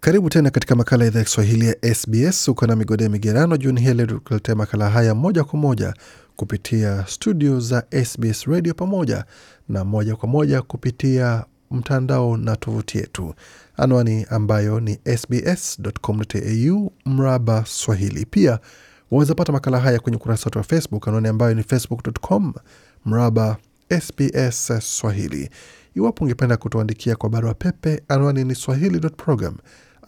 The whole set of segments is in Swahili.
Karibu tena katika makala idhaa ya Kiswahili ya SBS. Uko na ya Migerano. juni hii leo tukuletea makala haya moja kwa moja kupitia studio za SBS Radio pamoja na moja kwa moja kupitia mtandao na tovuti yetu, anwani ambayo ni sbs.com.au mraba swahili. Pia waweza pata makala haya kwenye ukurasa wetu wa Facebook, anwani ambayo ni facebook.com mraba SBS Swahili. Iwapo ungependa kutuandikia kwa barua pepe, anwani ni swahili.program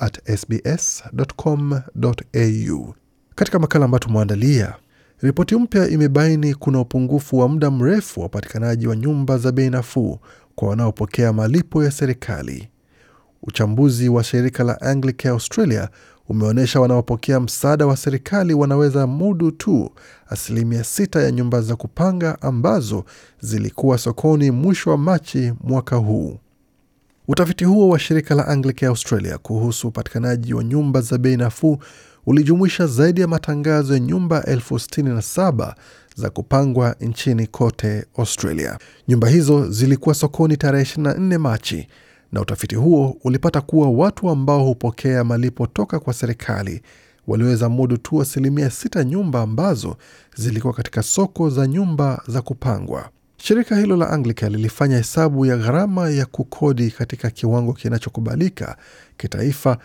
at sbs.com.au. Katika makala ambayo tumeandalia, ripoti mpya imebaini kuna upungufu wa muda mrefu wa upatikanaji wa nyumba za bei nafuu kwa wanaopokea malipo ya serikali. Uchambuzi wa shirika la Anglicare Australia umeonyesha wanaopokea msaada wa serikali wanaweza mudu tu asilimia sita ya nyumba za kupanga ambazo zilikuwa sokoni mwisho wa Machi mwaka huu. Utafiti huo wa shirika la Anglicare Australia kuhusu upatikanaji wa nyumba za bei nafuu ulijumuisha zaidi ya matangazo ya nyumba elfu sitini na saba za kupangwa nchini kote Australia. Nyumba hizo zilikuwa sokoni tarehe 24 Machi, na utafiti huo ulipata kuwa watu ambao hupokea malipo toka kwa serikali waliweza mudu tu asilimia sita nyumba ambazo zilikuwa katika soko za nyumba za kupangwa. Shirika hilo la Anglika lilifanya hesabu ya gharama ya kukodi katika kiwango kinachokubalika kitaifa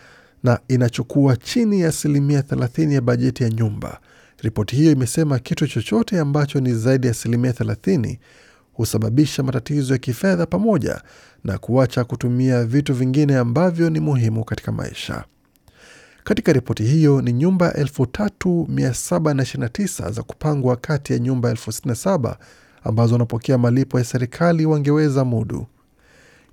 na inachokuwa chini ya asilimia 30 ya bajeti ya nyumba. Ripoti hiyo imesema kitu chochote ambacho ni zaidi ya asilimia 30 husababisha matatizo ya kifedha pamoja na kuacha kutumia vitu vingine ambavyo ni muhimu katika maisha. Katika ripoti hiyo ni nyumba 3729 za kupangwa kati ya nyumba 67 ambazo wanapokea malipo ya serikali wangeweza mudu.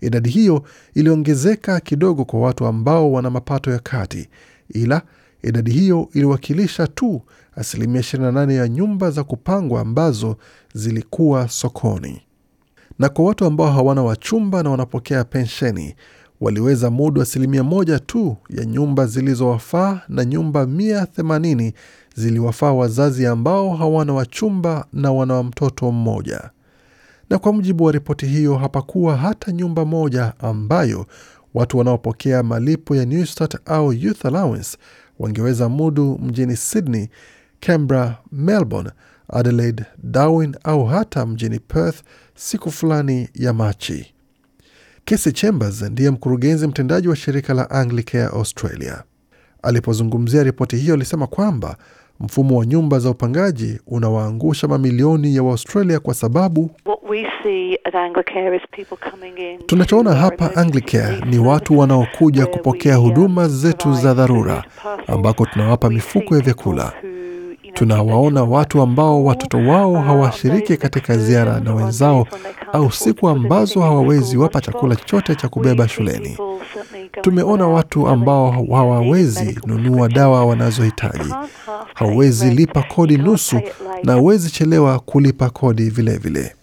Idadi hiyo iliongezeka kidogo kwa watu ambao wana mapato ya kati, ila idadi hiyo iliwakilisha tu asilimia 28 ya nyumba za kupangwa ambazo zilikuwa sokoni. Na kwa watu ambao hawana wachumba na wanapokea pensheni waliweza mudu asilimia moja tu ya nyumba zilizowafaa na nyumba 180 ziliwafaa wazazi ambao hawana wachumba na wana mtoto mmoja. Na kwa mujibu wa ripoti hiyo, hapakuwa hata nyumba moja ambayo watu wanaopokea malipo ya Newstart au Youth Allowance wangeweza mudu mjini Sydney, Canberra, Melbourne, Adelaide, Darwin au hata mjini Perth siku fulani ya Machi. Casey Chambers ndiye mkurugenzi mtendaji wa shirika la Anglicare Australia. Alipozungumzia ripoti hiyo, alisema kwamba Mfumo wa nyumba za upangaji unawaangusha mamilioni ya Waaustralia kwa sababu tunachoona hapa Anglicare ni watu wanaokuja kupokea huduma zetu za dharura, ambako tunawapa mifuko ya vyakula Tunawaona watu ambao watoto wao hawashiriki katika ziara na wenzao au siku ambazo hawawezi wapa chakula chote cha kubeba shuleni. Tumeona watu ambao hawawezi nunua dawa wanazohitaji, hawawezi lipa kodi nusu na hawawezi chelewa kulipa kodi vilevile vile.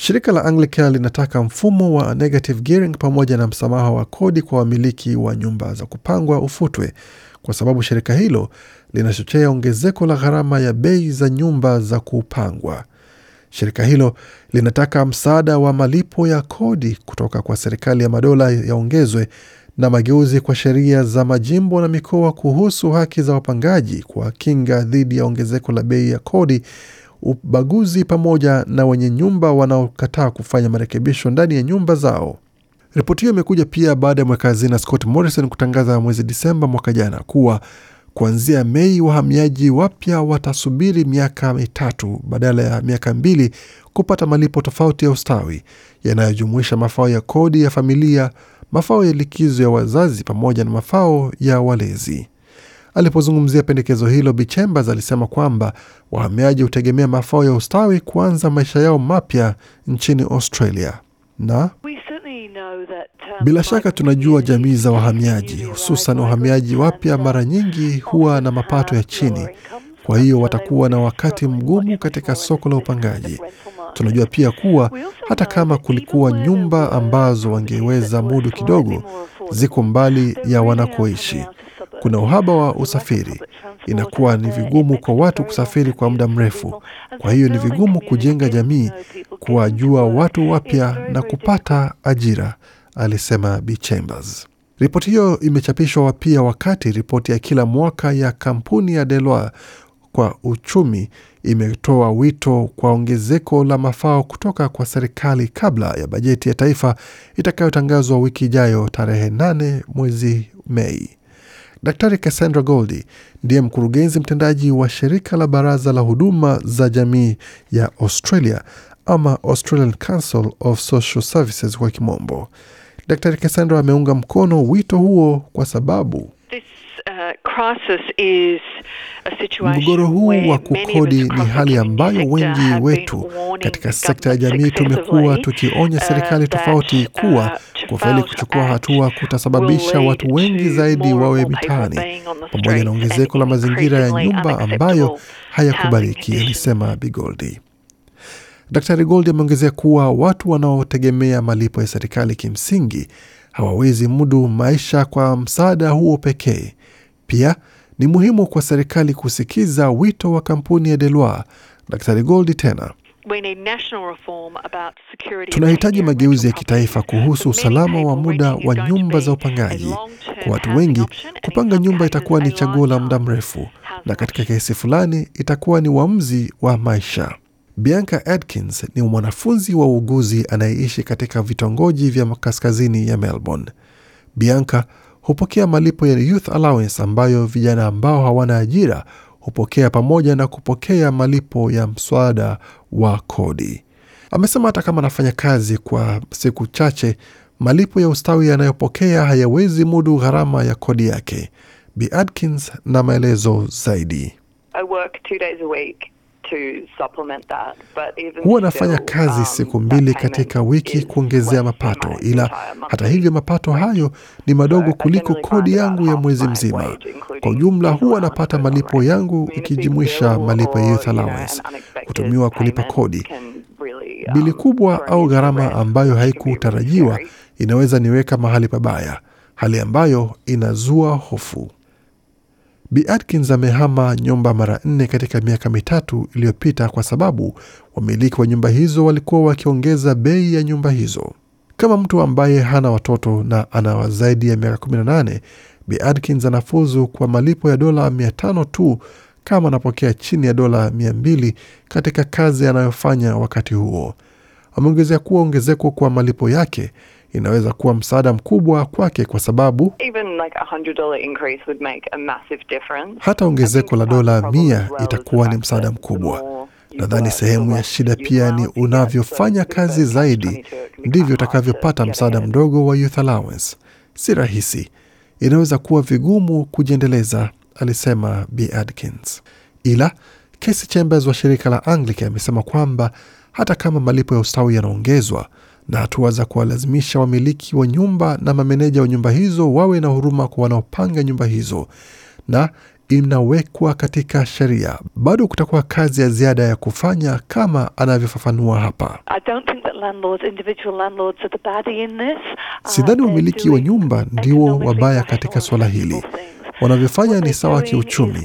Shirika la Anglican linataka mfumo wa negative gearing pamoja na msamaha wa kodi kwa wamiliki wa nyumba za kupangwa ufutwe kwa sababu shirika hilo linachochea ongezeko la gharama ya bei za nyumba za kupangwa. Shirika hilo linataka msaada wa malipo ya kodi kutoka kwa serikali ya madola yaongezwe na mageuzi kwa sheria za majimbo na mikoa kuhusu haki za wapangaji kwa kinga dhidi ya ongezeko la bei ya kodi ubaguzi pamoja na wenye nyumba wanaokataa kufanya marekebisho ndani ya nyumba zao. Ripoti hiyo imekuja pia baada ya mweka hazina Scott Morrison kutangaza mwezi Disemba mwaka jana kuwa kuanzia Mei wahamiaji wapya watasubiri miaka mitatu badala ya miaka mbili kupata malipo tofauti ya ustawi yanayojumuisha mafao ya kodi ya familia, mafao ya likizo ya wazazi pamoja na mafao ya walezi. Alipozungumzia pendekezo hilo, Bi Chambers alisema kwamba wahamiaji hutegemea mafao ya ustawi kuanza maisha yao mapya nchini Australia na um, bila shaka tunajua jamii za wahamiaji, hususan wahamiaji wapya, um, mara nyingi huwa na mapato ya chini. Kwa hiyo watakuwa na wakati mgumu katika soko la upangaji. Tunajua pia kuwa hata kama kulikuwa nyumba ambazo wangeweza mudu kidogo, ziko mbali ya wanakoishi kuna uhaba wa usafiri, inakuwa ni vigumu kwa watu kusafiri kwa muda mrefu. Kwa hiyo ni vigumu kujenga jamii, kuwajua watu wapya na kupata ajira, alisema Bi Chambers. Ripoti hiyo imechapishwa pia wakati ripoti ya kila mwaka ya kampuni ya Deloitte kwa uchumi imetoa wito kwa ongezeko la mafao kutoka kwa serikali kabla ya bajeti ya taifa itakayotangazwa wiki ijayo tarehe 8 mwezi Mei. Daktari Cassandra Goldie ndiye mkurugenzi mtendaji wa shirika la baraza la huduma za jamii ya Australia ama Australian Council of Social Services kwa kimombo. Daktari Cassandra ameunga mkono wito huo kwa sababu This Uh, Mgogoro huu wa kukodi ni hali ambayo wengi wetu katika sekta ya jamii tumekuwa uh, tukionya serikali uh, tofauti kuwa kufaili kuchukua hatua kutasababisha watu wengi zaidi wawe mitaani, pamoja na ongezeko la mazingira ya nyumba ambayo hayakubaliki, alisema Bigoldi. Daktari Goldi ameongezea kuwa watu wanaotegemea malipo ya serikali kimsingi hawawezi mudu maisha kwa msaada huo pekee, pia ni muhimu kwa serikali kusikiza wito wa kampuni ya Deloitte. Daktari Goldi tena tunahitaji mageuzi ya kitaifa kuhusu usalama wa muda wa nyumba za upangaji. Kwa watu wengi, kupanga nyumba itakuwa ni chaguo la muda mrefu, na katika kesi fulani itakuwa ni uamuzi wa maisha. Bianca Atkins ni mwanafunzi wa uuguzi anayeishi katika vitongoji vya kaskazini ya Melbourne. Bianca hupokea malipo ya youth allowance ambayo vijana ambao hawana ajira hupokea pamoja na kupokea malipo ya mswada wa kodi. Amesema hata kama anafanya kazi kwa siku chache, malipo ya ustawi yanayopokea hayawezi mudu gharama ya kodi yake. Bi Adkins na maelezo zaidi. I work two days a week. Huwa anafanya kazi um, siku mbili katika wiki kuongezea mapato, ila hata hivyo mapato hayo ni madogo kuliko kodi yangu ya mwezi mzima. Kwa ujumla, huwa anapata malipo yangu ikijumuisha malipo ya youth allowance hutumiwa kulipa kodi. Bili um, kubwa au gharama ambayo haikutarajiwa inaweza niweka mahali pabaya, hali ambayo inazua hofu. Bi Atkins amehama nyumba mara nne katika miaka mitatu iliyopita kwa sababu wamiliki wa nyumba hizo walikuwa wakiongeza bei ya nyumba hizo. Kama mtu ambaye hana watoto na ana zaidi ya miaka 18, Bi Atkins anafuzu kwa malipo ya dola 500 tu kama anapokea chini ya dola 200 katika kazi anayofanya wakati huo. Ameongezea kuwa ongezeko kwa malipo yake inaweza kuwa msaada mkubwa kwake kwa sababu hata ongezeko la dola mia itakuwa ni msaada mkubwa. Nadhani sehemu ya shida pia ni unavyofanya kazi zaidi ndivyo utakavyopata msaada mdogo wa youth allowance. Si rahisi, inaweza kuwa vigumu kujiendeleza, alisema B Adkins. Ila kesi Chambers wa shirika la Anglican amesema kwamba hata kama malipo ya ustawi yanaongezwa, na hatua za kuwalazimisha wamiliki wa nyumba na mameneja wa nyumba hizo wawe na huruma kwa wanaopanga nyumba hizo na inawekwa katika sheria, bado kutakuwa kazi ya ziada ya kufanya, kama anavyofafanua hapa. Uh, Sidhani wamiliki wa nyumba ndio wabaya katika suala hili. Wanavyofanya ni sawa kiuchumi,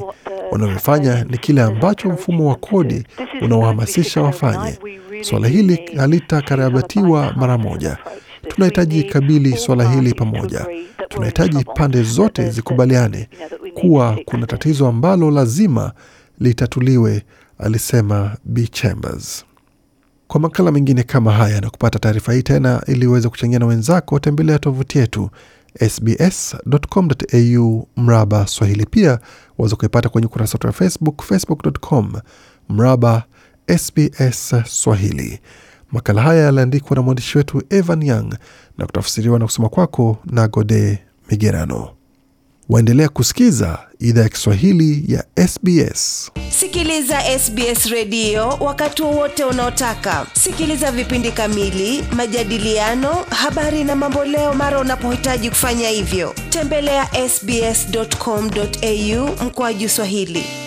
Wanavyofanya ni kile ambacho mfumo wa kodi unaohamasisha wafanye. Suala hili halitakarabatiwa mara moja. Tunahitaji kabili suala hili pamoja. Tunahitaji pande zote zikubaliane kuwa kuna tatizo ambalo lazima litatuliwe, alisema B Chambers. Kwa makala mengine kama haya na kupata taarifa hii tena ili uweze kuchangia na wenzako, tembelea tovuti yetu sbs.com.au mraba Swahili. Pia waweza kuipata kwenye ukurasa wetu wa Facebook, facebook.com mraba SBS Swahili. Makala haya yaliandikwa na mwandishi wetu Evan Young na kutafsiriwa na kusoma kwako na Gode Migerano. Waendelea kusikiza idhaa ya Kiswahili ya SBS. Sikiliza SBS redio wakati wowote unaotaka. Sikiliza vipindi kamili, majadiliano, habari na mamboleo mara unapohitaji kufanya hivyo. Tembelea ya sbs.com.au mkoaji Swahili.